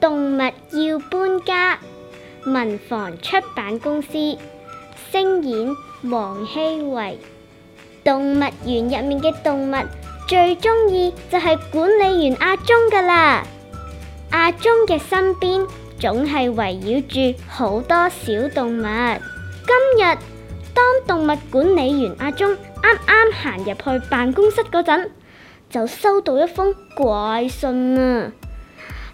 動物要搬家，文房出版公司，聲演王曦尉。動物園入面嘅動物最鍾意就係管理員阿忠㗎喇。阿忠嘅身邊總係圍繞住好多小動物。今日當動物管理員阿忠啱啱行入去辦公室嗰陣，就收到一封怪信啊！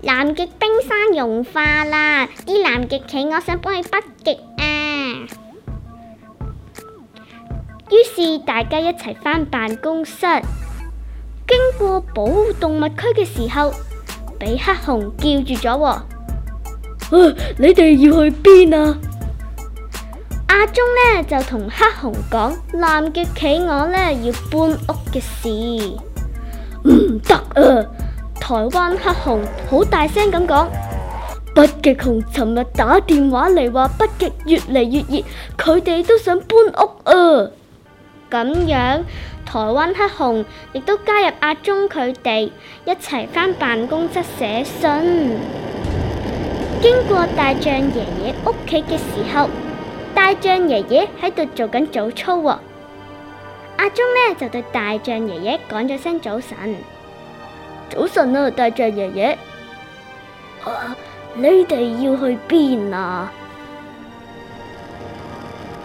南極冰山融化啦，啲南極企鵝想搬去北極啊！於是大家一齊返辦公室，經過保護動物區嘅時候，畀黑熊叫住咗。啊！你哋要去邊啊？阿忠、啊、呢就同黑熊講南極企鵝呢要搬屋嘅事，唔得、嗯、啊！台灣黑熊好大聲咁講：北極熊尋日打電話嚟話，北極越嚟越熱，佢哋都想搬屋啊！咁樣，台灣黑熊亦都加入阿忠佢哋一齊返辦公室寫信。經過大象爺爺屋企嘅時候，大象爺爺喺度做緊早操啊。阿忠呢就對大象爺爺講咗聲早晨。早晨啊，大象爺爺，啊、你哋要去邊啊？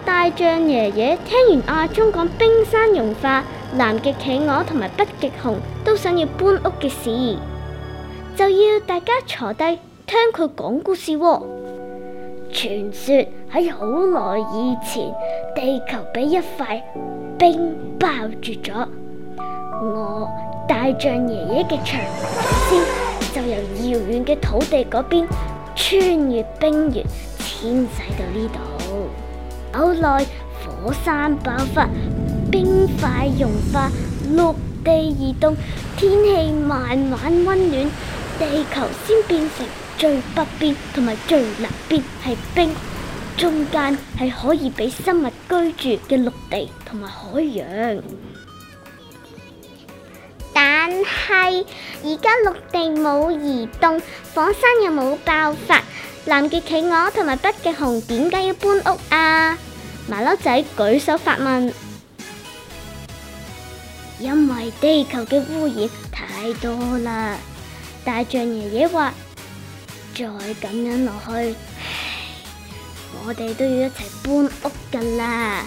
大象爺爺，聽完阿忠講冰山融化、南極企鵝同埋北極熊都想要搬屋嘅事，就要大家坐低聽佢講故事。哦，傳說喺好耐以前，地球俾一塊冰包住咗我。大象爺爺嘅長毛祖先就由遙遠嘅土地嗰邊穿越冰原遷徙到呢度。好耐火山爆發，冰塊融化，陸地移動，天氣慢慢温暖，地球先變成最北邊同埋最南邊係冰，中間係可以俾生物居住嘅陸地同埋海洋。但係而家陸地冇移動，火山又冇爆發，南極企鵝同埋北極熊點解要搬屋啊？馬騮仔舉手發問。因為地球嘅污染太多啦，大象爺爺話：再咁樣落去，唉，我哋都要一齊搬屋噶啦。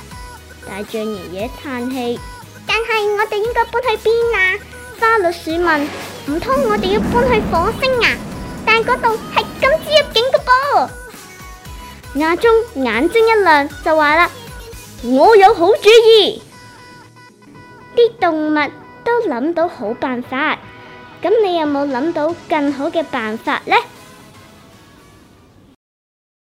大象爺爺嘆氣。但係我哋應該搬去邊啊？花栗鼠問：唔通我哋要搬去火星啊？但係嗰度係禁止入境嘅噃。亞中眼睛一亮就話啦：我有好主意。啲動物都諗到好辦法，咁你有冇諗到更好嘅辦法呢？